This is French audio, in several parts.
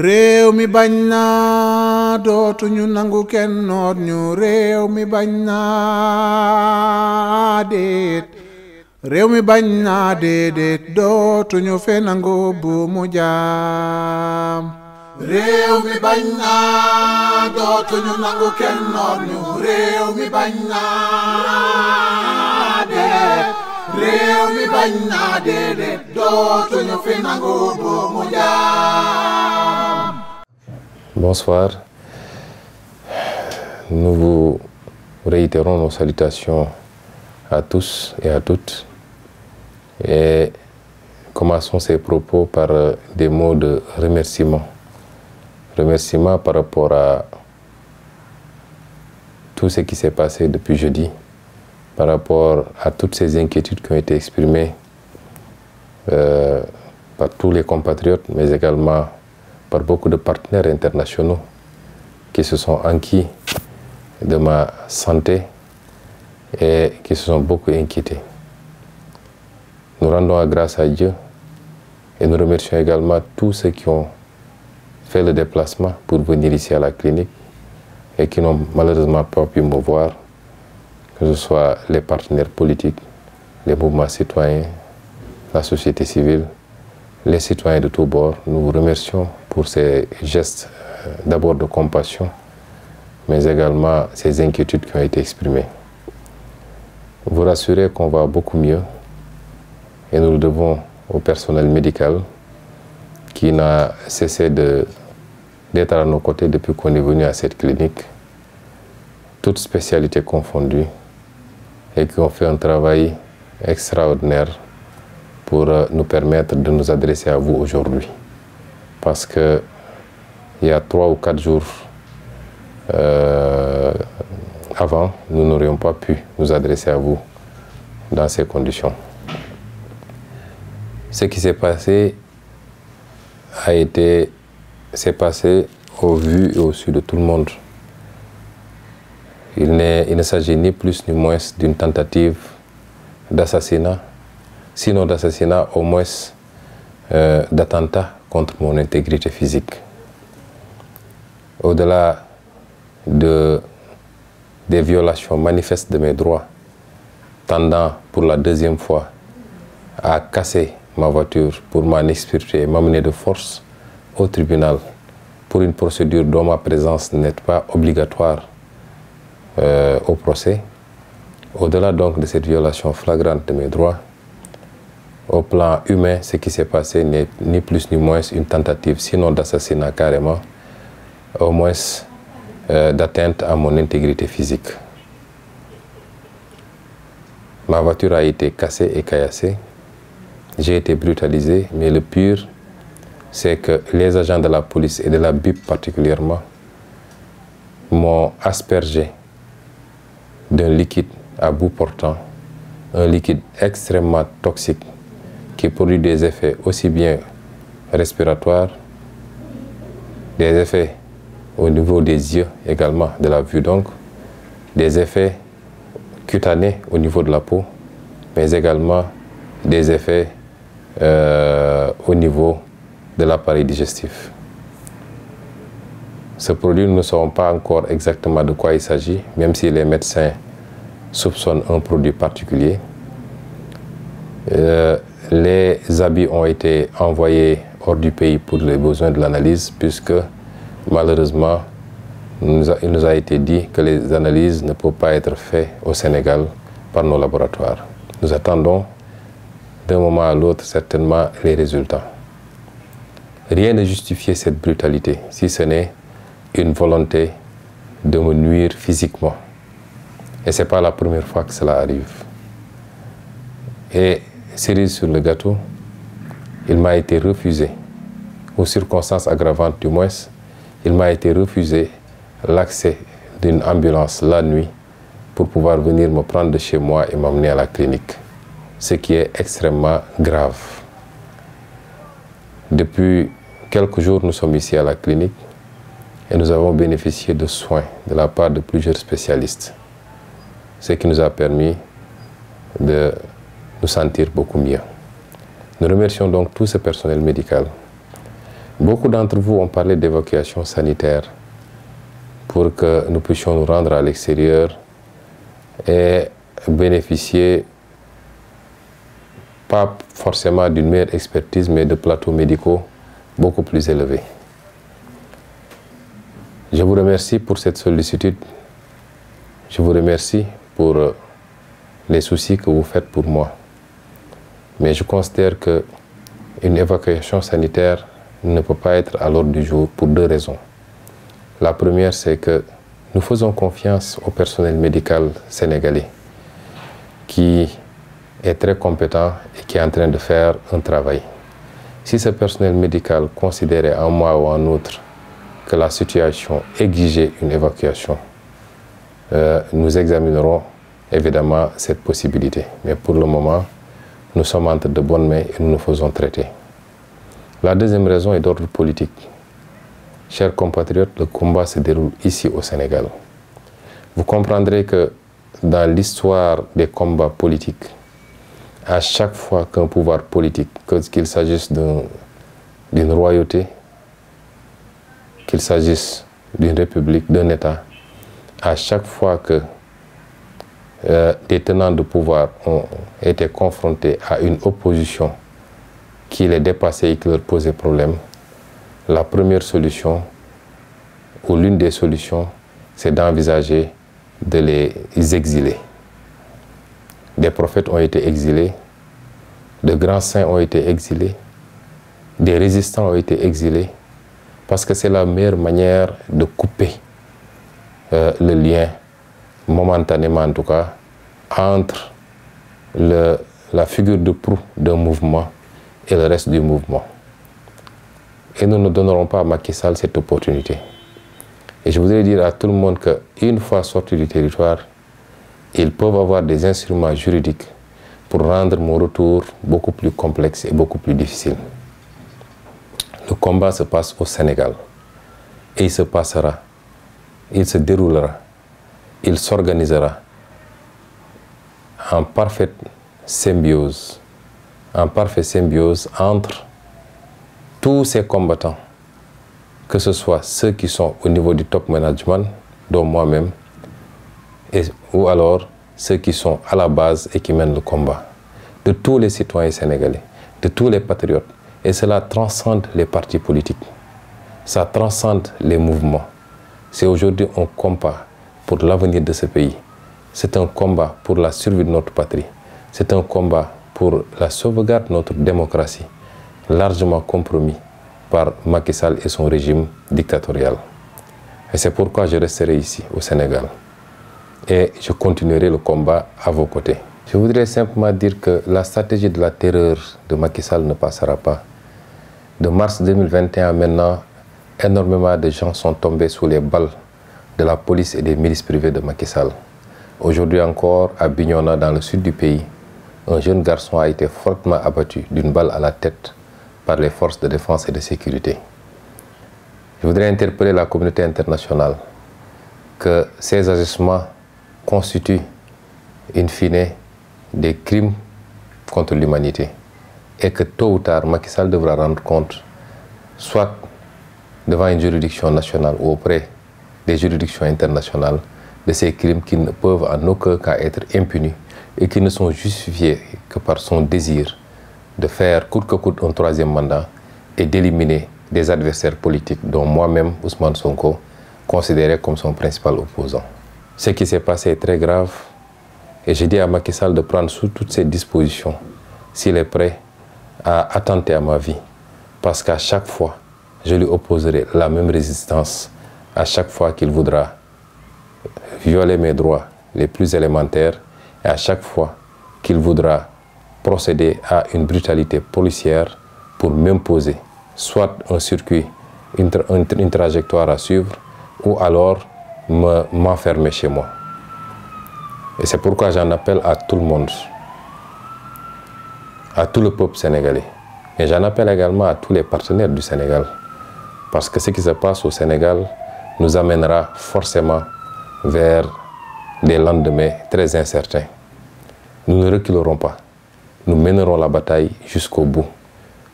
réew mi bañ na dootuñu nangu kenn ñu réew mi bañ na déet réew mi bañ naa déedéet dootuñu fe nangu bu mu jaam réew mi bañ naa dootuñu nangu kenn ñu réew mi bañ naa Bonsoir. Nous vous réitérons nos salutations à tous et à toutes et commençons ces propos par euh, des mots de remerciement. Remerciement par rapport à tout ce qui s'est passé depuis jeudi par rapport à toutes ces inquiétudes qui ont été exprimées euh, par tous les compatriotes, mais également par beaucoup de partenaires internationaux qui se sont enquis de ma santé et qui se sont beaucoup inquiétés. Nous rendons grâce à Dieu et nous remercions également tous ceux qui ont fait le déplacement pour venir ici à la clinique et qui n'ont malheureusement pas pu me voir que ce soit les partenaires politiques, les mouvements citoyens, la société civile, les citoyens de tous bords. Nous vous remercions pour ces gestes euh, d'abord de compassion, mais également ces inquiétudes qui ont été exprimées. Vous rassurez qu'on va beaucoup mieux et nous le devons au personnel médical qui n'a cessé d'être à nos côtés depuis qu'on est venu à cette clinique, toutes spécialités confondues et qui ont fait un travail extraordinaire pour euh, nous permettre de nous adresser à vous aujourd'hui. Parce que il y a trois ou quatre jours euh, avant, nous n'aurions pas pu nous adresser à vous dans ces conditions. Ce qui s'est passé a été s'est passé au vu et au su de tout le monde. Il, ne s'agit ni plus ni moins d'une tentative d'assassinat, sinon d'assassinat, au moins euh, d'attentat contre mon intégrité physique. Au-delà de, des violations manifestes de mes droits, tendant pour la deuxième fois à casser ma voiture pour m'en m'amener de force au tribunal pour une procédure dont ma présence n'est pas obligatoire euh, au procès. Au-delà donc de cette violation flagrante de mes droits, au plan humain, ce qui s'est passé n'est ni plus ni moins une tentative, sinon d'assassinat carrément, au moins euh, d'atteinte à mon intégrité physique. Ma voiture a été cassée et caillassée. J'ai été brutalisé, mais le pire, c'est que les agents de la police et de la BIP particulièrement m'ont aspergé d'un liquide à bout portant, un liquide extrêmement toxique qui produit des effets aussi bien respiratoires, des effets au niveau des yeux également, de la vue donc, des effets cutanés au niveau de la peau, mais également des effets euh, au niveau de l'appareil digestif. Ce produit, nous ne savons pas encore exactement de quoi il s'agit, même si les médecins soupçonnent un produit particulier. Euh, les habits ont été envoyés hors du pays pour les besoins de l'analyse, puisque malheureusement, il nous a été dit que les analyses ne peuvent pas être faites au Sénégal par nos laboratoires. Nous attendons d'un moment à l'autre certainement les résultats. Rien ne justifie cette brutalité, si ce n'est une volonté de me nuire physiquement. Et ce n'est pas la première fois que cela arrive. Et cerise sur le gâteau, il m'a été refusé, aux circonstances aggravantes du moins, il m'a été refusé l'accès d'une ambulance la nuit pour pouvoir venir me prendre de chez moi et m'amener à la clinique, ce qui est extrêmement grave. Depuis quelques jours, nous sommes ici à la clinique et nous avons bénéficié de soins de la part de plusieurs spécialistes, ce qui nous a permis de nous sentir beaucoup mieux. Nous remercions donc tout ce personnel médical. Beaucoup d'entre vous ont parlé d'évacuation sanitaire pour que nous puissions nous rendre à l'extérieur et bénéficier pas forcément d'une meilleure expertise, mais de plateaux médicaux beaucoup plus élevés. Je vous remercie pour cette sollicitude. Je vous remercie pour euh, les soucis que vous faites pour moi. Mais je considère que une évacuation sanitaire ne peut pas être à l'ordre du jour pour deux raisons. La première, c'est que nous faisons confiance au personnel médical sénégalais qui est très compétent et qui est en train de faire un travail. Si ce personnel médical considérait en moi ou en autre que la situation exigeait une évacuation, euh, nous examinerons évidemment cette possibilité. Mais pour le moment, nous sommes entre de bonnes mains et nous nous faisons traiter. La deuxième raison est d'ordre politique. Chers compatriotes, le combat se déroule ici au Sénégal. Vous comprendrez que dans l'histoire des combats politiques, à chaque fois qu'un pouvoir politique, qu'il s'agisse d'une royauté, qu'il s'agisse d'une république, d'un État, à chaque fois que euh, des tenants de pouvoir ont été confrontés à une opposition qui les dépassait et qui leur posait problème, la première solution ou l'une des solutions, c'est d'envisager de les exiler. Des prophètes ont été exilés, de grands saints ont été exilés, des résistants ont été exilés, parce que c'est la meilleure manière de couper euh, le lien, momentanément en tout cas, entre la figure de proue d'un mouvement et le reste du mouvement. Et nous ne donnerons pas à Macky Sall cette opportunité. Et je voudrais dire à tout le monde qu'une fois sorti du territoire, ils peuvent avoir des instruments juridiques pour rendre mon retour beaucoup plus complexe et beaucoup plus difficile. Le combat se passe au Sénégal. Et il se passera. Il se déroulera. Il s'organisera en parfaite symbiose, en parfaite symbiose entre tous ces combattants, que ce soit ceux qui sont au niveau du top management, dont moi-même, ou alors ceux qui sont à la base et qui mènent le combat, de tous les citoyens sénégalais, de tous les patriotes, et cela transcende les partis politiques. Ça transcende les mouvements. C'est aujourd'hui un combat pour l'avenir de ce pays. C'est un combat pour la survie de notre patrie. C'est un combat pour la sauvegarde de notre démocratie, largement compromis par Macky Sall et son régime dictatorial. Et c'est pourquoi je resterai ici, au Sénégal. Et je continuerai le combat à vos côtés. Je voudrais simplement dire que la stratégie de la terreur de Macky Sall ne passera pas de mars 2021 à maintenant, énormément de gens sont tombés sous les balles de la police et des milices privées de Macky Aujourd'hui encore, à Bignona, dans le sud du pays, un jeune garçon a été fortement abattu d'une balle à la tête par les forces de défense et de sécurité. Je voudrais interpeller la communauté internationale que ces agissements constituent, in fine, des crimes contre l'humanité et que tôt ou tard, Macky Sall devra rendre compte, soit devant une juridiction nationale ou auprès des juridictions internationales, de ces crimes qui ne peuvent en aucun cas être impunis et qui ne sont justifiés que par son désir de faire coûte que coûte un troisième mandat et d'éliminer des adversaires politiques, dont moi-même, Ousmane Sonko, considéré comme son principal opposant. Ce qui s'est passé est très grave et j'ai dit à Macky Sall de prendre sous toutes ses dispositions, s'il est prêt, à attenter à ma vie. Parce qu'à chaque fois, je lui opposerai la même résistance à chaque fois qu'il voudra violer mes droits les plus élémentaires et à chaque fois qu'il voudra procéder à une brutalité policière pour m'imposer soit un circuit, une, trajectoire à suivre ou alors m'enfermer chez moi. Et c'est pourquoi j'en appelle à tout le monde à tout le peuple sénégalais. mais j'en appelle également à tous les partenaires du Sénégal. Parce que ce qui se passe au Sénégal nous amènera forcément vers des lendemains très incertains. Nous ne reculerons pas. Nous mènerons la bataille jusqu'au bout.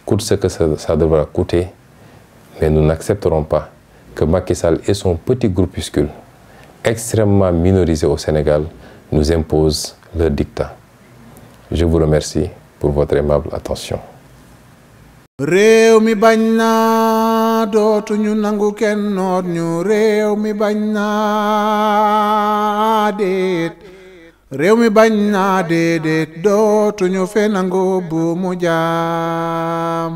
Coûte ce que ça, ça devra coûter, mais nous n'accepterons pas que Macky Sall et son petit groupuscule, extrêmement minorisé au Sénégal, nous imposent leur dictat. Je vous remercie pour votre aimable attention. réew mi bañ naa dootuñu nangu kenn noot ñu réew mi bañ déet réew mi bañ naa fe nangu bu mu jaam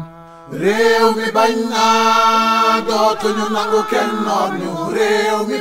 réew mi bañ naa dootuñu nangu kenn noot ñu réew mi